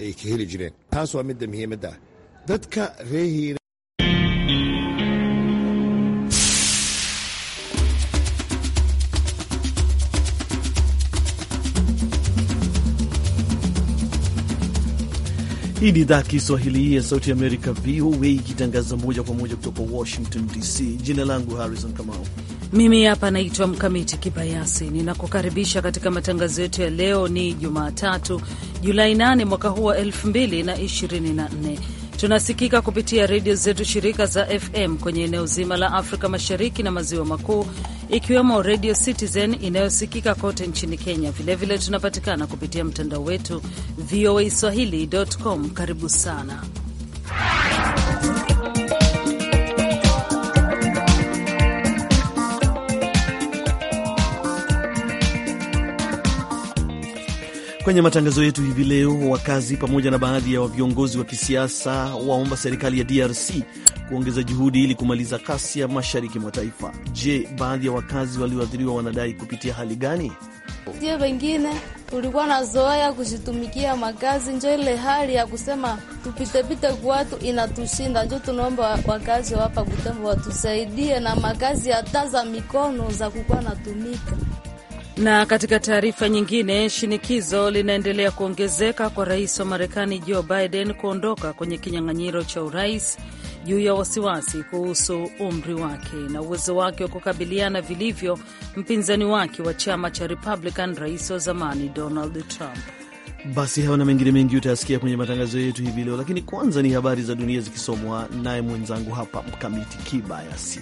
ay ka heli jireen taas waa midda muhiimadda ah dadka ree hiira Hii ni idhaa Kiswahili ya Sauti Amerika, VOA, ikitangaza moja kwa moja kutoka Washington DC. Jina langu Harrison Kamau. Mimi hapa naitwa Mkamiti Kibayasi, ninakukaribisha katika matangazo yetu ya leo. Ni Jumatatu, Julai 8 mwaka huu wa 2024. Tunasikika kupitia redio zetu shirika za FM kwenye eneo zima la Afrika Mashariki na Maziwa Makuu, ikiwemo Radio Citizen inayosikika kote nchini Kenya. Vilevile vile tunapatikana kupitia mtandao wetu voa swahili.com. Karibu sana Kwenye matangazo yetu hivi leo, wakazi pamoja na baadhi ya viongozi wa kisiasa waomba serikali ya DRC kuongeza juhudi ili kumaliza ghasia mashariki mwa taifa. Je, baadhi ya wakazi walioathiriwa wanadai kupitia hali gani? Sie wengine tulikuwa na zoea kuzitumikia makazi, njo ile hali ya kusema tupitepite kuwatu inatushinda, njo tunaomba wakazi wapa hapa Butembo watusaidie na makazi hata za mikono za kukuwa natumika na katika taarifa nyingine, shinikizo linaendelea kuongezeka kwa rais wa Marekani Joe Biden kuondoka kwenye kinyang'anyiro cha urais juu ya wasiwasi kuhusu umri wake na uwezo wake wa kukabiliana vilivyo mpinzani wake wa chama cha Republican, rais wa zamani Donald Trump. Basi hayo na mengine mengi utayasikia kwenye matangazo yetu hivi leo, lakini kwanza ni habari za dunia zikisomwa naye mwenzangu hapa Mkamiti Kibayasi.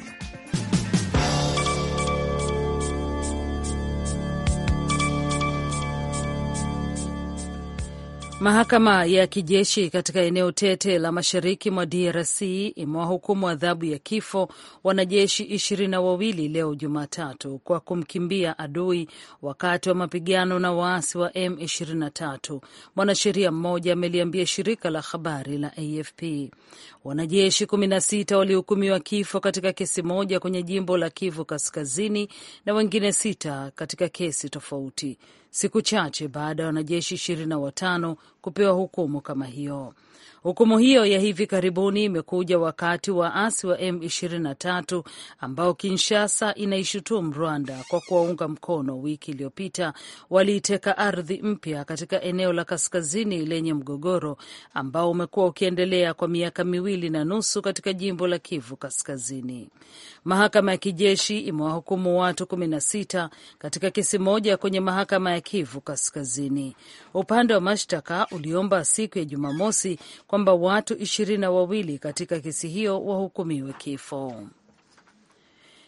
Mahakama ya kijeshi katika eneo tete la mashariki mwa DRC imewahukumu adhabu ya kifo wanajeshi ishirini na wawili leo Jumatatu kwa kumkimbia adui wakati wa mapigano na waasi wa M23. Mwanasheria mmoja ameliambia shirika la habari la AFP wanajeshi kumi na sita walihukumiwa kifo katika kesi moja kwenye jimbo la Kivu Kaskazini na wengine sita katika kesi tofauti siku chache baada ya wanajeshi ishirini na watano kupewa hukumu kama hiyo. Hukumu hiyo ya hivi karibuni imekuja wakati waasi wa M23 ambao Kinshasa inaishutumu Rwanda kwa kuwaunga mkono, wiki iliyopita waliiteka ardhi mpya katika eneo la kaskazini lenye mgogoro ambao umekuwa ukiendelea kwa miaka miwili na nusu katika jimbo la Kivu Kaskazini. Mahakama ya kijeshi imewahukumu watu 16 katika kesi moja kwenye mahakama ya Kivu Kaskazini. Upande wa mashtaka uliomba siku ya Jumamosi kwa kwamba watu ishirini na wawili katika kesi hiyo wahukumiwe kifo.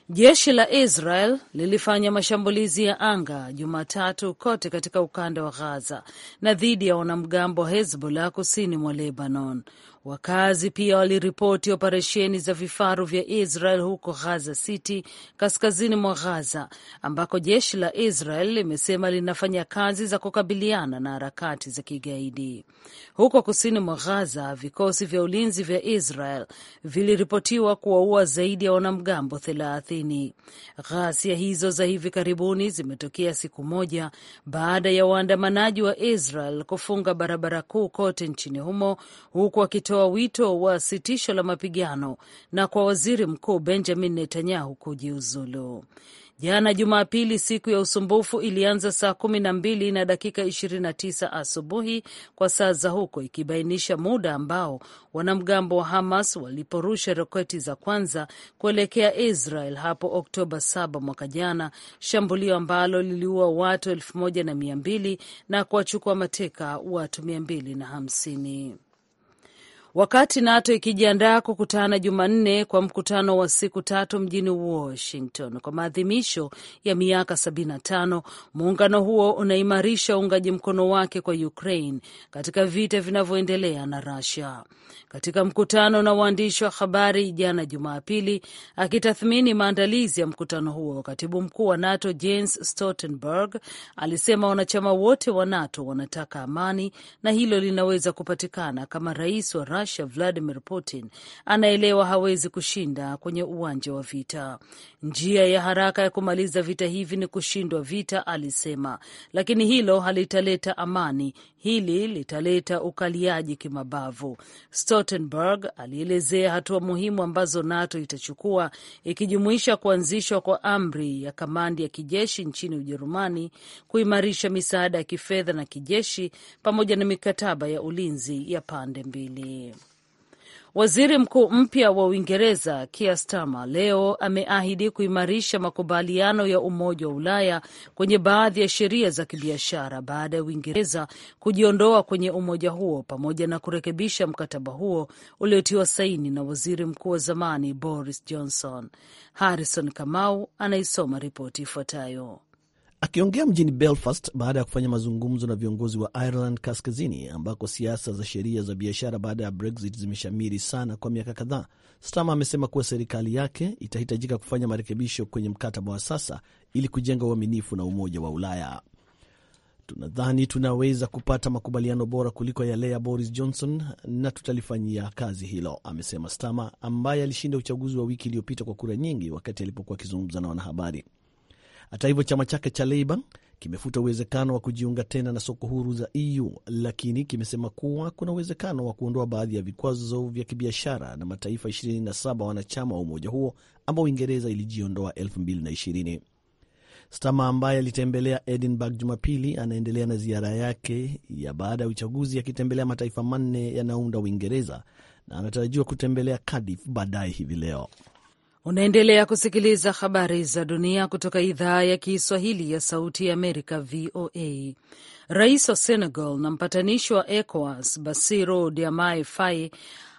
Jeshi la Israel lilifanya mashambulizi ya anga Jumatatu kote katika ukanda wa Ghaza na dhidi ya wanamgambo wa Hezbollah kusini mwa Lebanon. Wakazi pia waliripoti operesheni za vifaru vya Israel huko Gaza City, kaskazini mwa Gaza, ambako jeshi la Israel limesema linafanya kazi za kukabiliana na harakati za kigaidi. Huko kusini mwa Gaza, vikosi vya ulinzi vya Israel viliripotiwa kuwaua zaidi ya wanamgambo thelathini. Ghasia hizo za hivi karibuni zimetokea siku moja baada ya waandamanaji wa Israel kufunga barabara kuu kote nchini humo huku ametoa wito wa sitisho la mapigano na kwa waziri mkuu Benjamin Netanyahu kujiuzulu. Jana Jumapili, siku ya usumbufu ilianza saa kumi na mbili na dakika ishirini na tisa asubuhi kwa saa za huko, ikibainisha muda ambao wanamgambo wa Hamas waliporusha roketi za kwanza kuelekea Israel hapo Oktoba saba mwaka jana, shambulio ambalo liliua watu elfu moja na mia mbili na kuwachukua mateka watu mia mbili na hamsini wakati NATO ikijiandaa kukutana Jumanne kwa mkutano wa siku tatu mjini Washington kwa maadhimisho ya miaka 75, muungano huo unaimarisha uungaji mkono wake kwa Ukraine katika vita vinavyoendelea na Russia. Katika mkutano na waandishi wa habari jana Jumapili, akitathmini maandalizi ya mkutano huo, katibu mkuu wa NATO Jens Stoltenberg alisema wanachama wote wa NATO wanataka amani na hilo linaweza kupatikana kama rais wa Russia Vladimir Putin anaelewa hawezi kushinda kwenye uwanja wa vita. Njia ya haraka ya kumaliza vita hivi ni kushindwa vita, alisema, lakini hilo halitaleta amani, hili litaleta ukaliaji kimabavu. Stoltenberg alielezea hatua muhimu ambazo NATO itachukua ikijumuisha kuanzishwa kwa amri ya kamandi ya kijeshi nchini Ujerumani, kuimarisha misaada ya kifedha na kijeshi pamoja na mikataba ya ulinzi ya pande mbili. Waziri mkuu mpya wa Uingereza Keir Starmer leo ameahidi kuimarisha makubaliano ya Umoja wa Ulaya kwenye baadhi ya sheria za kibiashara baada ya Uingereza kujiondoa kwenye umoja huo pamoja na kurekebisha mkataba huo uliotiwa saini na waziri mkuu wa zamani Boris Johnson. Harrison Kamau anaisoma ripoti ifuatayo. Akiongea mjini Belfast baada ya kufanya mazungumzo na viongozi wa Ireland Kaskazini, ambako siasa za sheria za biashara baada ya Brexit zimeshamiri sana kwa miaka kadhaa, Starmer amesema kuwa serikali yake itahitajika kufanya marekebisho kwenye mkataba wa sasa ili kujenga uaminifu na Umoja wa Ulaya. Tunadhani tunaweza kupata makubaliano bora kuliko yale ya Boris Johnson na tutalifanyia kazi hilo, amesema Starmer ambaye alishinda uchaguzi wa wiki iliyopita kwa kura nyingi wakati alipokuwa akizungumza na wanahabari. Hata hivyo, chama chake cha leiba kimefuta uwezekano wa kujiunga tena na soko huru za EU, lakini kimesema kuwa kuna uwezekano wa kuondoa baadhi ya vikwazo vya kibiashara na mataifa 27 wanachama wa umoja huo ambao Uingereza ilijiondoa 2020. Stama ambaye alitembelea Edinburgh Jumapili anaendelea na ziara yake ya baada ya uchaguzi akitembelea mataifa manne yanayounda Uingereza na anatarajiwa kutembelea Cardiff baadaye hivi leo. Unaendelea kusikiliza habari za dunia kutoka idhaa ya Kiswahili ya Sauti ya Amerika, VOA. Rais wa Senegal na mpatanishi wa ECOWAS Basiro Diomaye Faye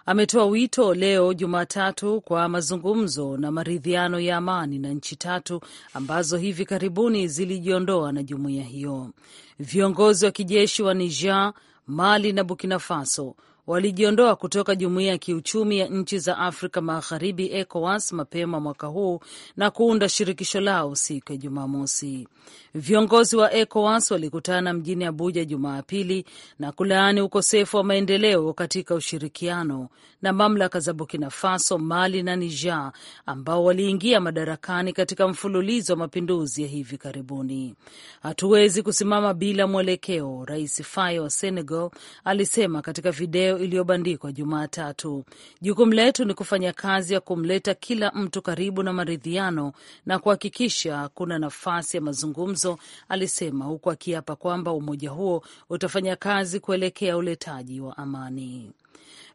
ametoa wito leo Jumatatu kwa mazungumzo na maridhiano ya amani na nchi tatu ambazo hivi karibuni zilijiondoa na jumuiya hiyo. Viongozi wa kijeshi wa Niger, Mali na Burkina Faso walijiondoa kutoka jumuiya ya kiuchumi ya nchi za Afrika Magharibi, ECOWAS, mapema mwaka huu na kuunda shirikisho lao siku ya Jumamosi. Viongozi wa ECOWAS walikutana mjini Abuja Jumapili na kulaani ukosefu wa maendeleo katika ushirikiano na mamlaka za Burkina Faso, Mali na Niger ambao waliingia madarakani katika mfululizo wa mapinduzi ya hivi karibuni. Hatuwezi kusimama bila mwelekeo, Rais Faye wa Senegal alisema katika video iliyobandikwa Jumatatu. Jukumu letu ni kufanya kazi ya kumleta kila mtu karibu na maridhiano na kuhakikisha kuna nafasi ya mazungumzo mazungumzo, alisema huku akiapa kwamba umoja huo utafanya kazi kuelekea uletaji wa amani.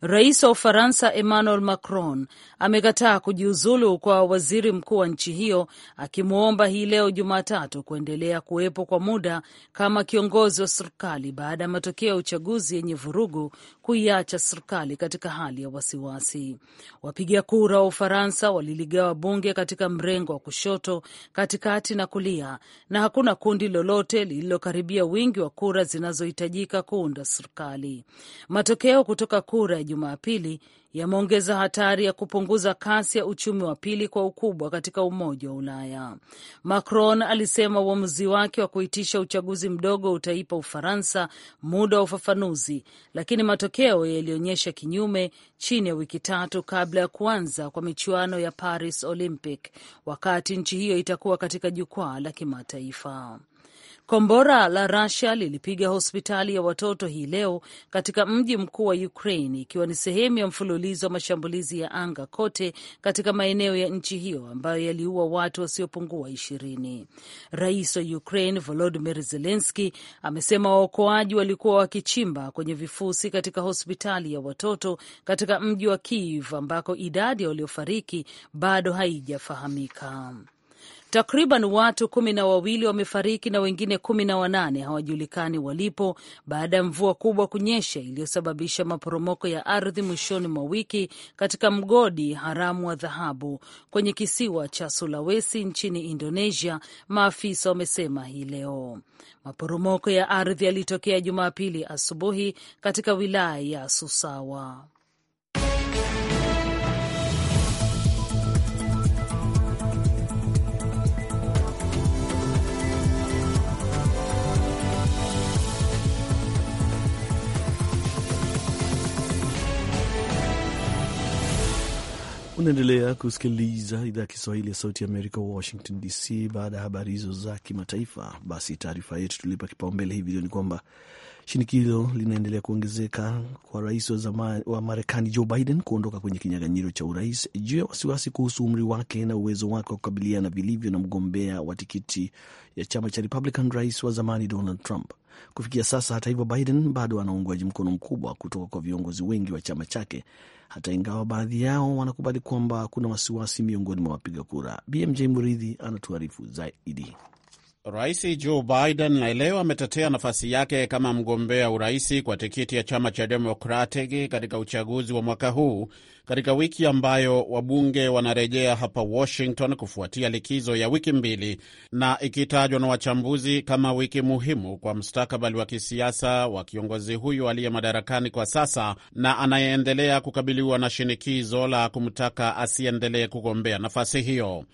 Rais wa Ufaransa Emmanuel Macron amekataa kujiuzulu kwa waziri mkuu wa nchi hiyo, akimwomba hii leo Jumatatu kuendelea kuwepo kwa muda kama kiongozi wa serikali baada ya matokeo ya uchaguzi yenye vurugu kuiacha serikali katika hali ya wasiwasi. Wapiga kura wa Ufaransa waliligawa bunge katika mrengo wa kushoto, katikati na kulia, na hakuna kundi lolote lililokaribia wingi wa kura zinazohitajika kuunda serikali. Matokeo kutoka kura Jumapili yameongeza hatari ya kupunguza kasi ya uchumi wa pili kwa ukubwa katika Umoja wa Ulaya. Macron alisema uamuzi wake wa kuitisha uchaguzi mdogo utaipa Ufaransa muda wa ufafanuzi, lakini matokeo yalionyesha kinyume chini ya wiki tatu kabla ya kuanza kwa michuano ya Paris Olympic, wakati nchi hiyo itakuwa katika jukwaa la kimataifa. Kombora la Russia lilipiga hospitali ya watoto hii leo katika mji mkuu wa Ukraine, ikiwa ni sehemu ya mfululizo wa mashambulizi ya anga kote katika maeneo ya nchi hiyo ambayo yaliua watu wasiopungua ishirini. Rais wa Ukraine volodimir zelenski amesema waokoaji walikuwa wakichimba kwenye vifusi katika hospitali ya watoto katika mji wa Kiev ambako idadi ya waliofariki bado haijafahamika. Takriban watu kumi na wawili wamefariki na wengine kumi na wanane hawajulikani walipo baada ya mvua kubwa kunyesha iliyosababisha maporomoko ya ardhi mwishoni mwa wiki katika mgodi haramu wa dhahabu kwenye kisiwa cha Sulawesi nchini Indonesia, maafisa wamesema hii leo. Maporomoko ya ardhi yalitokea Jumapili asubuhi katika wilaya ya Susawa. Unaendelea kusikiliza idhaa ya Kiswahili ya Sauti ya Amerika, Washington DC. Baada ya habari hizo za kimataifa, basi taarifa yetu tulipa kipaumbele hivi leo ni kwamba shinikizo linaendelea kuongezeka kwa rais wa zamani wa Marekani Joe Biden kuondoka kwenye kinyang'anyiro cha urais juu ya wasiwasi kuhusu umri wake na uwezo wake wa kukabiliana vilivyo na mgombea wa tikiti ya chama cha Republican, rais wa zamani Donald Trump. Kufikia sasa, hata hivyo, Biden bado ana uungwaji mkono mkubwa kutoka kwa viongozi wengi wa chama chake hata ingawa baadhi yao wanakubali kwamba kuna wasiwasi miongoni mwa wapiga kura. BMJ Muridhi anatuarifu zaidi. Rais Joe Biden na leo ametetea nafasi yake kama mgombea uraisi kwa tikiti ya chama cha Democratic katika uchaguzi wa mwaka huu katika wiki ambayo wabunge wanarejea hapa Washington kufuatia likizo ya wiki mbili na ikitajwa na wachambuzi kama wiki muhimu kwa mustakabali wa kisiasa wa kiongozi huyu aliye madarakani kwa sasa na anayeendelea kukabiliwa na shinikizo la kumtaka asiendelee kugombea nafasi hiyo.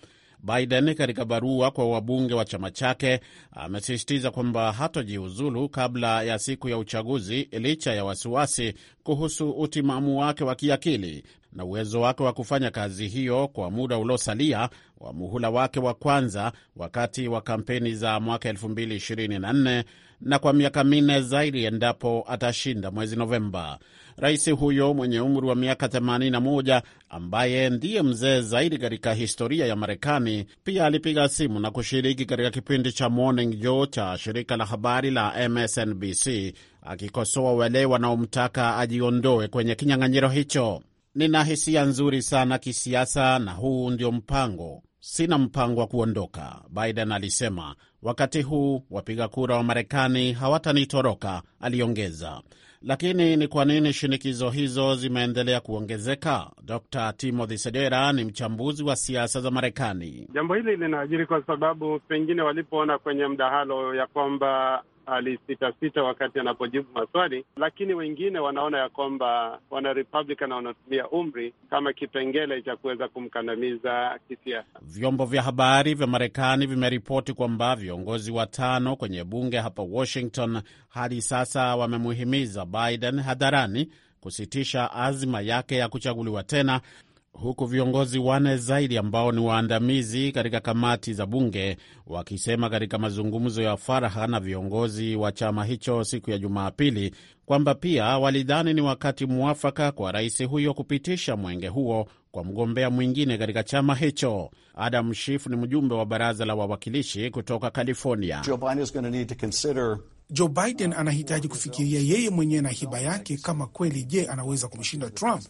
Biden katika barua kwa wabunge wa chama chake amesisitiza kwamba hatojiuzulu kabla ya siku ya uchaguzi licha ya wasiwasi kuhusu utimamu wake wa kiakili na uwezo wake wa kufanya kazi hiyo kwa muda uliosalia wa muhula wake wa kwanza wakati wa kampeni za mwaka 2024 na kwa miaka minne zaidi endapo atashinda mwezi Novemba. Rais huyo mwenye umri wa miaka 81 ambaye ndiye mzee zaidi katika historia ya Marekani pia alipiga simu na kushiriki katika kipindi cha Morning Joe cha shirika la habari la MSNBC akikosoa wale wanaomtaka ajiondoe kwenye kinyang'anyiro hicho. Nina hisia nzuri sana kisiasa, na huu ndio mpango sina mpango wa kuondoka, Biden alisema. Wakati huu wapiga kura wa Marekani hawatanitoroka, aliongeza. Lakini ni kwa nini shinikizo hizo zimeendelea kuongezeka? Dr Timothy Sedera ni mchambuzi wa siasa za Marekani. Jambo hili linaajiri kwa sababu pengine walipoona kwenye mdahalo ya kwamba alisitasita wakati anapojibu maswali, lakini wengine wanaona ya kwamba wana Republican wanatumia umri kama kipengele cha kuweza kumkandamiza kisiasa. Vyombo vya habari vya Marekani vimeripoti kwamba viongozi watano kwenye bunge hapa Washington hadi sasa wamemuhimiza Biden hadharani kusitisha azma yake ya kuchaguliwa tena huku viongozi wane zaidi ambao ni waandamizi katika kamati za bunge wakisema katika mazungumzo ya faraha na viongozi wa chama hicho siku ya Jumapili kwamba pia walidhani ni wakati mwafaka kwa rais huyo kupitisha mwenge huo kwa mgombea mwingine katika chama hicho. Adam Schiff ni mjumbe wa baraza la wawakilishi kutoka California. Joe Joe Biden anahitaji kufikiria yeye mwenyewe na hiba yake, kama kweli, je, anaweza kumshinda Trump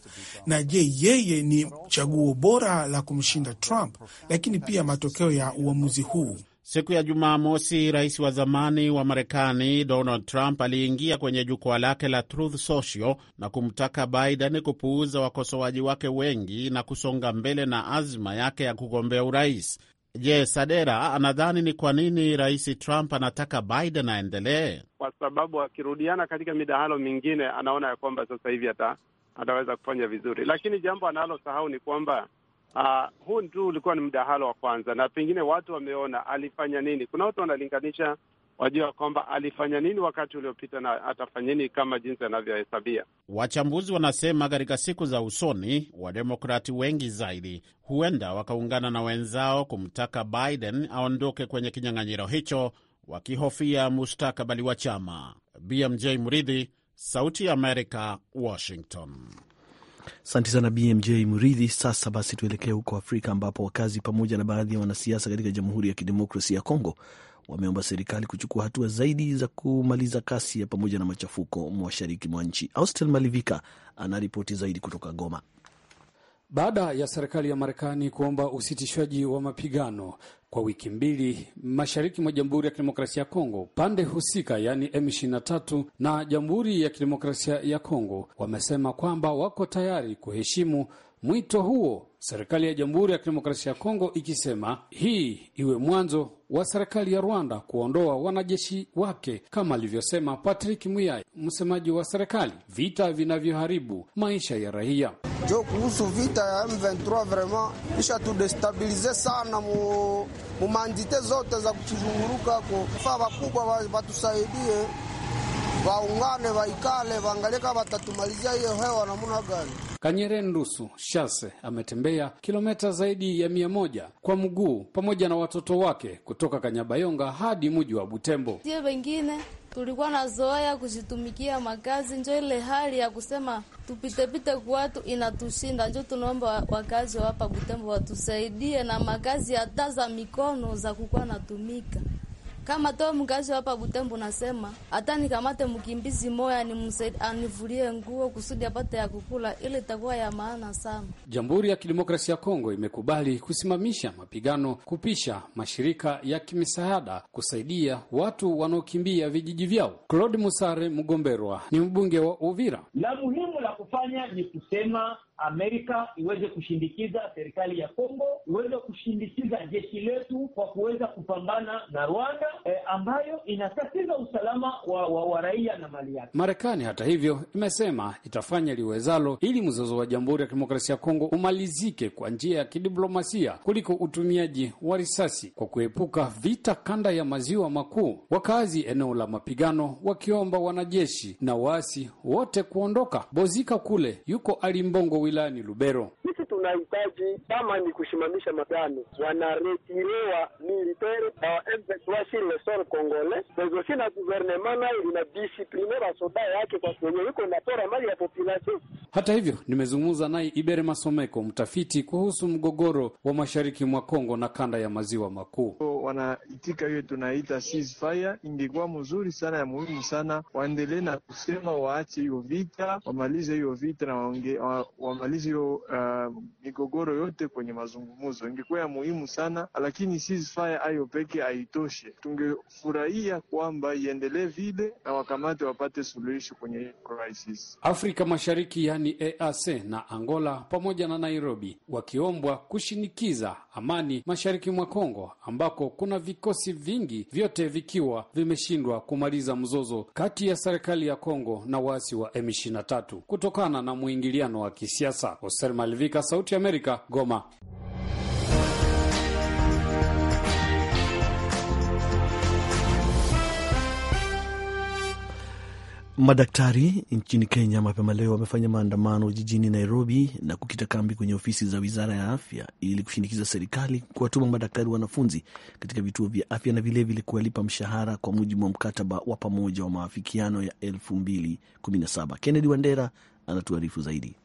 na je, yeye ni chaguo bora la kumshinda Trump, lakini pia matokeo ya uamuzi huu Siku ya Jumamosi, rais wa zamani wa Marekani Donald Trump aliingia kwenye jukwaa lake la Truth Social na kumtaka Biden kupuuza wakosoaji wake wengi na kusonga mbele na azma yake ya kugombea urais. Je, Sadera anadhani ni kwa nini Rais Trump anataka Biden aendelee? Kwa sababu akirudiana katika midahalo mingine anaona ya kwamba sasa hivi ata, ataweza kufanya vizuri, lakini jambo analosahau ni kwamba uh, huu tu ulikuwa ni mdahalo wa kwanza, na pengine watu wameona alifanya nini. Kuna watu wanalinganisha wajua kwamba alifanya nini wakati uliopita na atafanya nini kama jinsi anavyohesabia. Wachambuzi wanasema katika siku za usoni wademokrati wengi zaidi huenda wakaungana na wenzao kumtaka Biden aondoke kwenye kinyang'anyiro hicho, wakihofia mustakabali wa chama. BMJ Mridhi, Sauti ya Amerika, Washington. Asante sana BMJ Muridhi. Sasa basi, tuelekee huko Afrika ambapo wakazi pamoja na baadhi ya wanasiasa katika Jamhuri ya Kidemokrasia ya Kongo wameomba serikali kuchukua hatua zaidi za kumaliza kasi ya pamoja na machafuko mashariki mwa nchi. Austel Malivika anaripoti zaidi kutoka Goma. Baada ya serikali ya Marekani kuomba usitishwaji wa mapigano kwa wiki mbili mashariki mwa Jamhuri ya Kidemokrasia ya Kongo, pande husika yaani M23 na Jamhuri ya Kidemokrasia ya Kongo wamesema kwamba wako tayari kuheshimu mwito huo serikali ya Jamhuri ya Kidemokrasia ya Kongo ikisema hii iwe mwanzo wa serikali ya Rwanda kuondoa wanajeshi wake, kama alivyosema Patrick Muyaya, msemaji wa serikali, vita vinavyoharibu maisha ya raia. Jo, kuhusu vita ya M23 vraiment isha tudestabilize sana mu mumandite zote za kuchizunguruka ko, faa wakubwa watusaidie waungane, waikale, waangalie kama watatumalizia hiyo hewa namna gani. Kanyere Ndusu Shase ametembea kilometa zaidi ya mia moja kwa mguu pamoja na watoto wake kutoka Kanyabayonga hadi mji wa Butembo. Sie wengine tulikuwa na zoea kuzitumikia makazi, njo ile hali ya kusema tupitepite kuwatu inatushinda. Njo tunaomba wakazi wa hapa Butembo watusaidie na makazi hata za mikono za kukuwa natumika kama to mkazi hapa Butembo, nasema hata nikamate mkimbizi moya anivulie nguo kusudi apate ya kukula, ili itakuwa ya maana sana. Jamhuri ya Kidemokrasia ya Kongo imekubali kusimamisha mapigano, kupisha mashirika ya kimisaada kusaidia watu wanaokimbia vijiji vyao. Claude Musare Mgomberwa ni mbunge wa Uvira. La muhimu la kufanya ni kusema Amerika iweze kushindikiza serikali ya Kongo, iweze kushindikiza jeshi letu kwa kuweza kupambana na Rwanda e, ambayo inatatiza usalama wa, wa, wa raia na mali yake. Marekani hata hivyo imesema itafanya liwezalo ili mzozo wa Jamhuri ya Kidemokrasia ya Kongo umalizike kwa njia ya kidiplomasia kuliko utumiaji wa risasi kwa kuepuka vita kanda ya maziwa makuu. Wakazi eneo la mapigano wakiomba wanajeshi na waasi wote kuondoka. Bozika kule yuko Alimbongo ni Lubero. Sisi tunahitaji kama ni kusimamisha mapigano, wanaretirewa militaire awasilesor congolais ezosi na guvernema nayo ina disipline wasoda yake kwa kwenye iko natora mali ya population. Hata hivyo, nimezungumza naye Ibere Masomeko, mtafiti kuhusu mgogoro wa mashariki mwa Kongo na kanda ya maziwa makuu. Wanaitika hiyo tunaita ceasefire, ingekuwa mzuri sana ya muhimu sana, waendelee na kusema waache hiyo vita, wamalize hiyo vita na wa, wa wamalize hiyo uh, migogoro yote kwenye mazungumzo, ingekuwa ya muhimu sana, lakini ceasefire hayo peke haitoshe. Tungefurahia kwamba iendelee vile na wakamate wapate suluhisho kwenye crisis. Afrika Mashariki yani EAC na Angola pamoja na Nairobi wakiombwa kushinikiza amani mashariki mwa Kongo ambako kuna vikosi vingi, vyote vikiwa vimeshindwa kumaliza mzozo kati ya serikali ya Kongo na waasi wa M23 kutokana na mwingiliano wa kisiasa kisiasa. Hoser Malivika, Sauti Amerika, Goma. Madaktari nchini Kenya mapema leo wamefanya maandamano jijini Nairobi na kukita kambi kwenye ofisi za wizara ya afya ili kushinikiza serikali kuwatuma madaktari wanafunzi katika vituo vya afya na vilevile kuwalipa mshahara kwa mujibu wa mkataba wa pamoja wa maafikiano ya 2017. Kennedy Wandera anatuarifu zaidi.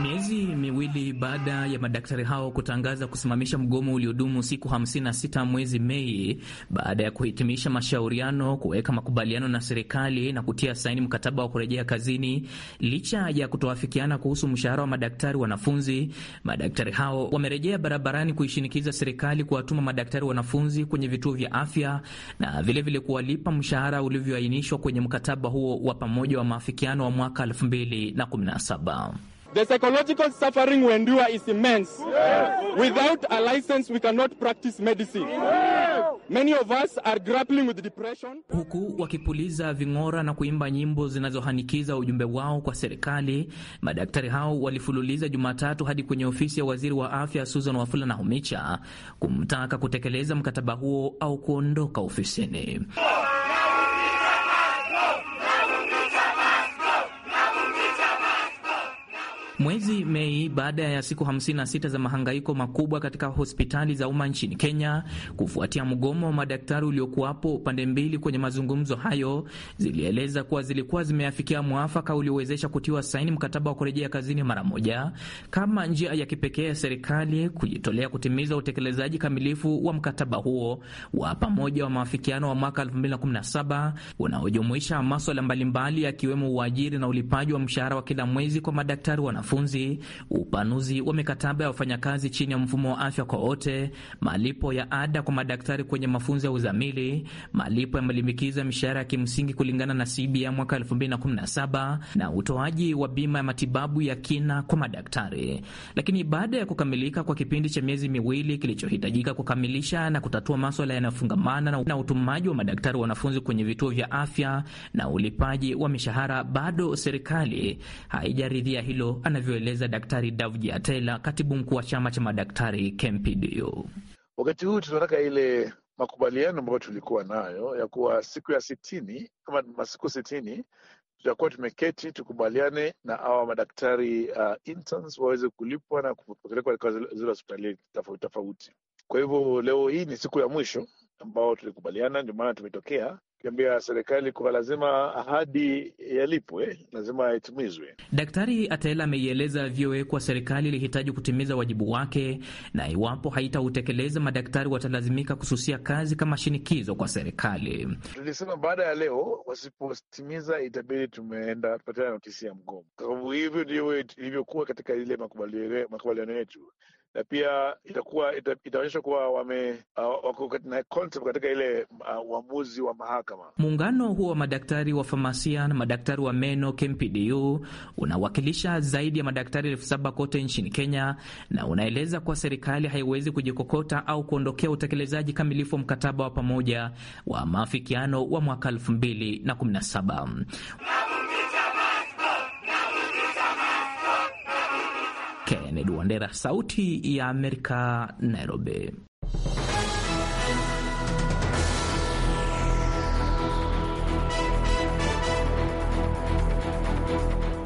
Miezi miwili baada ya madaktari hao kutangaza kusimamisha mgomo uliodumu siku 56 mwezi Mei, baada ya kuhitimisha mashauriano, kuweka makubaliano na serikali na kutia saini mkataba wa kurejea kazini, licha ya kutoafikiana kuhusu mshahara wa madaktari wanafunzi, madaktari hao wamerejea barabarani kuishinikiza serikali kuwatuma madaktari wanafunzi kwenye vituo vya afya na vilevile kuwalipa mshahara ulivyoainishwa kwenye mkataba huo wa pamoja wa maafikiano wa mwaka 2017. The psychological suffering we endure is immense. Yes. Without a license, we cannot practice medicine. Yes. Many of us are grappling with depression. Huku wakipuliza ving'ora na kuimba nyimbo zinazohanikiza ujumbe wao kwa serikali, madaktari hao walifululiza Jumatatu hadi kwenye ofisi ya waziri wa afya Susan Wafula na Humicha kumtaka kutekeleza mkataba huo au kuondoka ofisini. Mwezi Mei, baada ya siku 56 za mahangaiko makubwa katika hospitali za umma nchini Kenya kufuatia mgomo wa madaktari uliokuwapo, pande mbili kwenye mazungumzo hayo zilieleza kuwa zilikuwa zimeafikia mwafaka uliowezesha kutiwa saini mkataba wa kurejea kazini mara moja kama njia ya kipekee ya serikali kujitolea kutimiza utekelezaji kamilifu wa mkataba huo wa pamoja wa maafikiano wa mwaka 2017 unaojumuisha maswala mbalimbali yakiwemo uajiri na ulipaji wa mshahara wa kila mwezi kwa madaktari wana wanafunzi, upanuzi wa mikataba ya wafanyakazi chini ya mfumo wa afya kwa wote, malipo ya ada kwa madaktari kwenye mafunzo ya uzamili, malipo ya malimbikizo ya mishahara ya kimsingi kulingana na CBA mwaka 2017 na utoaji wa bima ya matibabu ya kina kwa madaktari. Lakini baada ya kukamilika kwa kipindi cha miezi miwili kilichohitajika kukamilisha na kutatua maswala yanayofungamana na utumaji wa madaktari wanafunzi kwenye vituo vya afya na ulipaji wa mishahara, bado serikali haijaridhia hilo ana anavyoeleza Daktari Davji Atela, katibu mkuu wa chama cha madaktari KMPDU. Wakati huu tunataka ile makubaliano ambayo tulikuwa nayo ya kuwa siku ya sitini kama masiku sitini tutakuwa tumeketi tukubaliane na awa madaktari uh, interns waweze kulipwa na kupelekwa katika zile hospitali tofauti tofauti. Kwa hivyo leo hii ni siku ya mwisho ambao tulikubaliana, ndio maana tumetokea kiambia serikali kuwa lazima ahadi yalipwe, lazima itimizwe. Daktari Atela ameieleza VOA kuwa serikali ilihitaji kutimiza wajibu wake, na iwapo haitautekeleza madaktari watalazimika kususia kazi kama shinikizo kwa serikali. Tulisema baada ya leo wasipotimiza itabidi tumeenda tupatia notisi ya mgomo, kwa sababu hivyo ndivyo ilivyokuwa katika ile makubaliano yetu na pia itakuwa itaonyesha kuwa wame uh, wako na concept katika ile uh, uamuzi wa mahakama. Muungano huo wa madaktari wa famasia na madaktari wa meno KMPDU unawakilisha zaidi ya madaktari elfu saba kote nchini Kenya, na unaeleza kuwa serikali haiwezi kujikokota au kuondokea utekelezaji kamilifu wa mkataba wa pamoja wa maafikiano wa mwaka elfu mbili na kumi na saba. Kennedy Wandera, Sauti ya Amerika, Nairobi.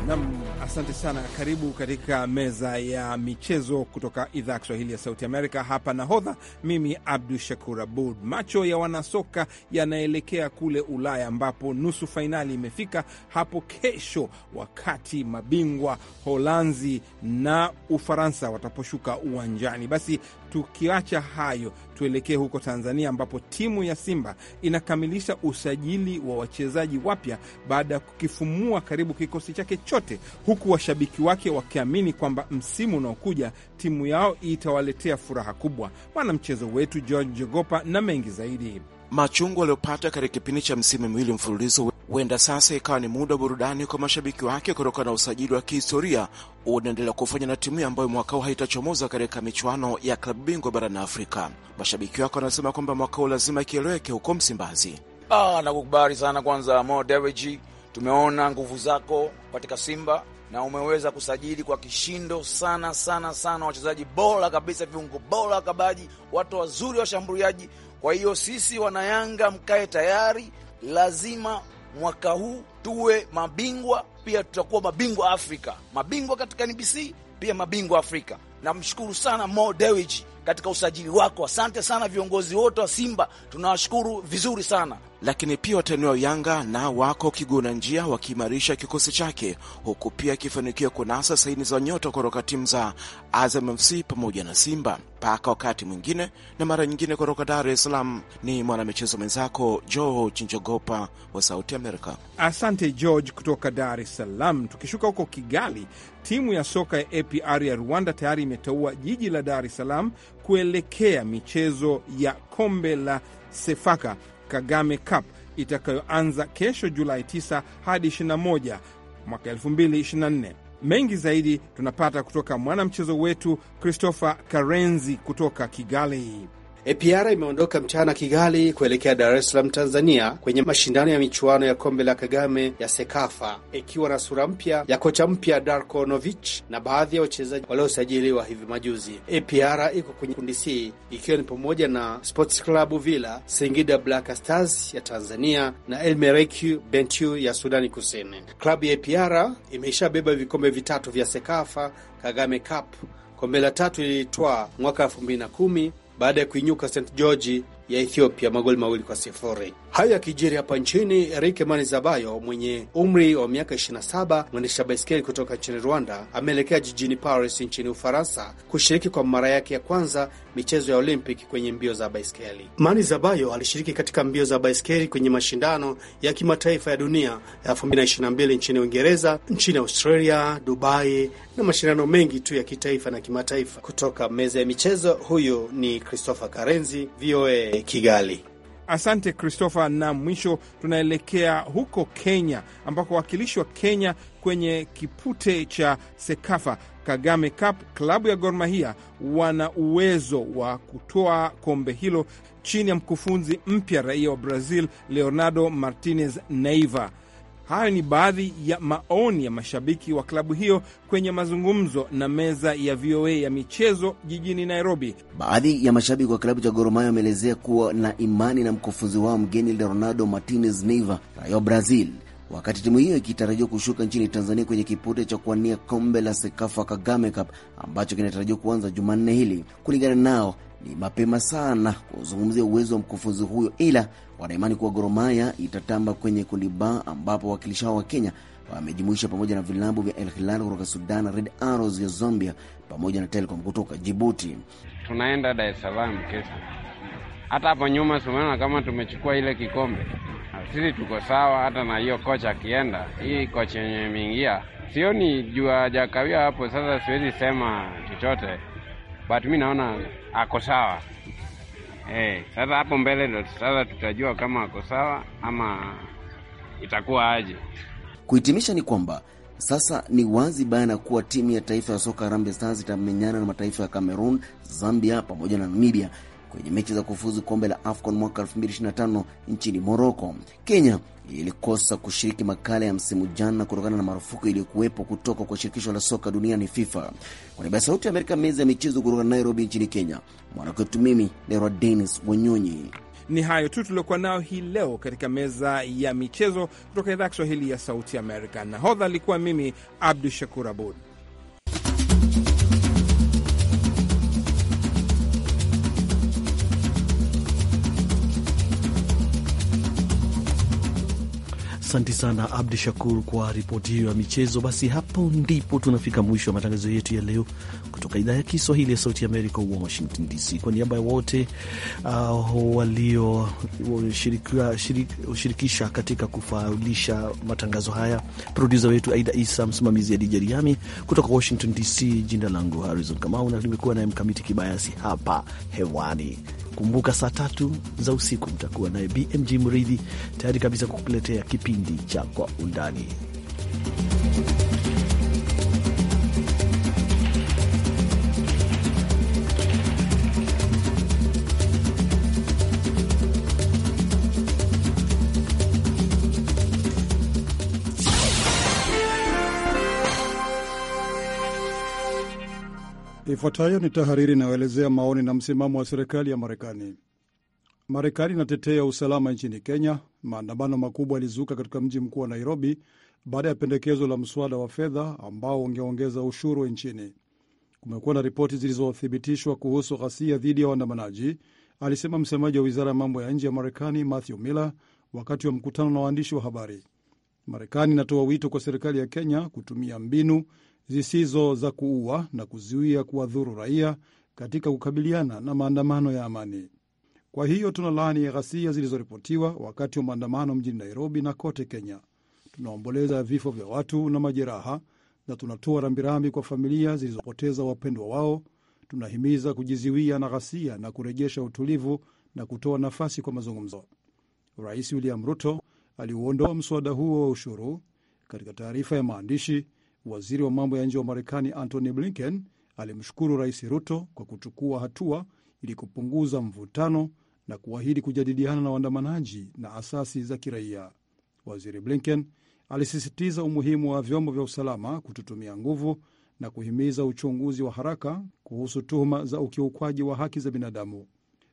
Nam Asante sana, karibu katika meza ya michezo kutoka idhaa ya Kiswahili ya Sauti Amerika. Hapa nahodha mimi Abdu Shakur Abud. Macho ya wanasoka yanaelekea kule Ulaya ambapo nusu fainali imefika hapo kesho, wakati mabingwa Holanzi na Ufaransa wataposhuka uwanjani. Basi Tukiacha hayo, tuelekee huko Tanzania ambapo timu ya Simba inakamilisha usajili wa wachezaji wapya baada ya kukifumua karibu kikosi chake chote, huku washabiki wake wakiamini kwamba msimu unaokuja timu yao itawaletea furaha kubwa. Mwanamchezo wetu George Jogopa na mengi zaidi. Machungu aliyopata katika kipindi cha msimu miwili mfululizo Huenda sasa ikawa ni muda wa burudani kwa mashabiki wake kutokana na usajili wa kihistoria unaendelea kufanya na timu ambayo mwaka huu haitachomoza katika michuano ya klabu bingwa barani Afrika. Mashabiki wake wanasema kwamba mwaka huu lazima kieleweke huko Msimbazi. Ah, nakukubali sana kwanza, Mo Dewji, tumeona nguvu zako katika Simba na umeweza kusajili kwa kishindo sana sana sana wachezaji bora kabisa, viungo bora, wakabaji, watu wazuri, washambuliaji. Kwa hiyo sisi wanayanga, mkae tayari, lazima mwaka huu tuwe mabingwa pia, tutakuwa mabingwa Afrika, mabingwa katika NBC pia mabingwa Afrika. Namshukuru sana Mo Dewiji katika usajili wako. Asante sana viongozi wote wa Simba, tunawashukuru vizuri sana lakini pia watani wa Yanga na wako kiguna njia wakiimarisha kikosi chake, huku pia akifanikiwa kunasa saini za nyota kutoka timu za Azam FC pamoja na Simba. Mpaka wakati mwingine na mara nyingine, kutoka Dar es Salaam ni mwanamichezo mwenzako George Njogopa wa Sauti Amerika. Asante George kutoka Dar es Salaam. Tukishuka huko Kigali, timu ya soka ya APR ya Rwanda tayari imeteua jiji la Dar es Salaam kuelekea michezo ya kombe la Sefaka Kagame Cup itakayoanza kesho Julai 9 hadi 21 mwaka 2024. Mengi zaidi tunapata kutoka mwanamchezo wetu Christopher Karenzi kutoka Kigali. APR imeondoka mchana Kigali kuelekea Dar es Salaam, Tanzania, kwenye mashindano ya michuano ya kombe la Kagame ya Sekafa, ikiwa na sura mpya ya kocha mpya Darko Novich na baadhi ya wachezaji waliosajiliwa hivi majuzi. APR iko kwenye kundi C ikiwa ni pamoja na Sports Club Villa, Singida Black Stars ya Tanzania na El Merreikh Bentiu ya Sudani Kusini. Klabu ya APR imeishabeba vikombe vitatu vya Sekafa Kagame Cup. Kombe la tatu lilitwaa mwaka elfu mbili na kumi baada ya kuinyuka St George ya Ethiopia magoli mawili kwa sifuri. Hayo yakijiri hapa nchini, Eric Manizabayo mwenye umri wa miaka 27, mwendesha baiskeli kutoka nchini Rwanda, ameelekea jijini Paris nchini Ufaransa kushiriki kwa mara yake ya kwanza michezo ya Olympic kwenye mbio za baiskeli. Manizabayo alishiriki katika mbio za baiskeli kwenye mashindano ya kimataifa ya dunia ya 2022 nchini Uingereza, nchini Australia, Dubai na mashindano mengi tu ya kitaifa na kimataifa. Kutoka meza ya michezo, huyu ni Christopher Karenzi, VOA. Eh, Kigali. Asante Christopher. Na mwisho tunaelekea huko Kenya, ambako wawakilishi wa Kenya kwenye kipute cha Sekafa Kagame Cup, klabu ya Gor Mahia wana uwezo wa kutoa kombe hilo chini ya mkufunzi mpya, raia wa Brazil Leonardo Martinez Neiva. Hayo ni baadhi ya maoni ya mashabiki wa klabu hiyo kwenye mazungumzo na meza ya VOA ya michezo jijini Nairobi. Baadhi ya mashabiki wa klabu cha Gor Mahia wameelezea kuwa na imani na mkufunzi wao mgeni Leonardo Martinez Neiva, raia wa Brazil, wakati timu hiyo ikitarajiwa kushuka nchini Tanzania kwenye kipute cha kuwania kombe la Sekafa Kagame Cup ambacho kinatarajiwa kuanza Jumanne hili. Kulingana nao, ni mapema sana kuzungumzia uwezo wa mkufunzi huyo, ila wanaimani kuwa Gor Mahia itatamba kwenye kundi B ambapo wawakilishi hao wa Kenya wamejumuisha pamoja na vilabu vya El Hilal kutoka Sudan, Red Arrows ya Zambia pamoja na Telecom kutoka Jibuti. Tunaenda Dar es Salaam kesho. Hata hapo nyuma tumeona kama tumechukua ile kikombe, sisi tuko sawa. Hata na hiyo kocha akienda, hii kocha yenye imeingia sioni jua jakawia hapo. Sasa siwezi sema chochote, but mi naona ako sawa. Eh, sasa hapo mbele ndo sasa tutajua kama ako sawa ama itakuwa aje. Kuhitimisha ni kwamba sasa ni wazi bayana kuwa timu ya taifa ya soka Harambee Stars itamenyana na mataifa ya Cameroon, Zambia pamoja na Namibia kwenye mechi za kufuzu kombe la AFCON mwaka 2025 nchini Moroko. Kenya ilikosa kushiriki makala ya msimu jana kutokana na marufuku iliyokuwepo kutoka kwa shirikisho la soka duniani FIFA. Kwa niaba ya Sauti ya Amerika, meza ya michezo kutoka Nairobi nchini Kenya, mwanakwetu mimi Lerwa Denis Wanyonyi. Ni hayo tu tuliokuwa nayo hii leo katika meza ya michezo kutoka idhaa ya Kiswahili ya Sauti Amerika. Nahodha alikuwa mimi Abdu Shakur Abud. Asanti sana Abdu Shakur kwa ripoti hiyo ya michezo. Basi hapo ndipo tunafika mwisho wa matangazo yetu ya leo kutoka idhaa ya Kiswahili ya Sauti Amerika, Washington DC. Kwa niaba ya wote uh, walioshirikisha shirik, katika kufaulisha matangazo haya, produsa wetu Aida Isa, msimamizi ya Dija Riami kutoka Washington DC. Jina langu Harizon Kamau na limekuwa naye Mkamiti Kibayasi hapa hewani. Kumbuka saa tatu za usiku mtakuwa naye BMG Mridhi tayari kabisa kukuletea kipindi kipindi cha Kwa Undani. Ifuatayo ni tahariri inayoelezea maoni na msimamo wa serikali ya Marekani. Marekani inatetea usalama nchini Kenya Maandamano makubwa yalizuka katika mji mkuu wa Nairobi baada ya pendekezo la mswada wa fedha ambao ungeongeza ushuru nchini. Kumekuwa na ripoti zilizothibitishwa kuhusu ghasia dhidi ya waandamanaji, alisema msemaji wa wizara ya mambo ya nje ya Marekani Matthew Miller wakati wa mkutano na waandishi wa habari. Marekani inatoa wito kwa serikali ya Kenya kutumia mbinu zisizo za kuua na kuzuia kuwadhuru raia katika kukabiliana na maandamano ya amani. Kwa hiyo tunalaani ghasia zilizoripotiwa wakati wa maandamano mjini Nairobi na kote Kenya. Tunaomboleza vifo vya watu na majeraha na tunatoa rambirambi kwa familia zilizopoteza wapendwa wao. Tunahimiza kujiziwia na ghasia na kurejesha utulivu na kutoa nafasi kwa mazungumzo. Rais William Ruto aliuondoa mswada huo wa ushuru. Katika taarifa ya maandishi, waziri wa mambo ya nje wa Marekani Antony Blinken alimshukuru Rais Ruto kwa kuchukua hatua ili kupunguza mvutano na kuahidi kujadiliana na waandamanaji na asasi za kiraia. Waziri Blinken alisisitiza umuhimu wa vyombo vya usalama kututumia nguvu na kuhimiza uchunguzi wa haraka kuhusu tuhuma za ukiukwaji wa haki za binadamu.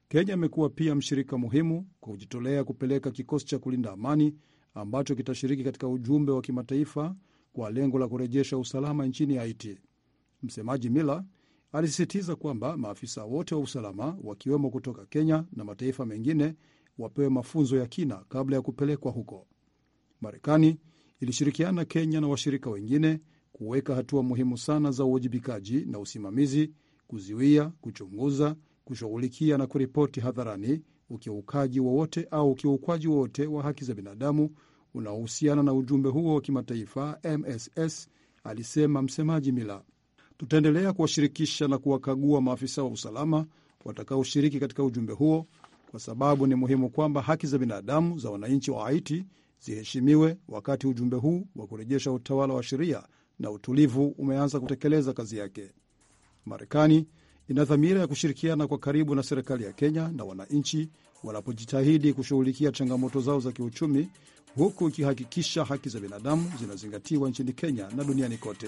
Kenya amekuwa pia mshirika muhimu kwa kujitolea kupeleka kikosi cha kulinda amani ambacho kitashiriki katika ujumbe wa kimataifa kwa lengo la kurejesha usalama nchini Haiti. Msemaji Miller Alisisitiza kwamba maafisa wote wa usalama wakiwemo kutoka Kenya na mataifa mengine wapewe mafunzo ya kina kabla ya kupelekwa huko. Marekani ilishirikiana Kenya na washirika wengine kuweka hatua muhimu sana za uwajibikaji na usimamizi, kuziwia kuchunguza, kushughulikia na kuripoti hadharani ukiukaji wowote au ukiukwaji wowote wa haki za binadamu unaohusiana na ujumbe huo wa kimataifa MSS, alisema msemaji Mila. Tutaendelea kuwashirikisha na kuwakagua maafisa wa usalama watakaoshiriki katika ujumbe huo, kwa sababu ni muhimu kwamba haki za binadamu za wananchi wa Haiti ziheshimiwe wakati ujumbe huu wa kurejesha utawala wa sheria na utulivu umeanza kutekeleza kazi yake. Marekani ina dhamira ya kushirikiana kwa karibu na serikali ya Kenya na wananchi wanapojitahidi kushughulikia changamoto zao za kiuchumi, huku ikihakikisha haki za binadamu zinazingatiwa nchini Kenya na duniani kote.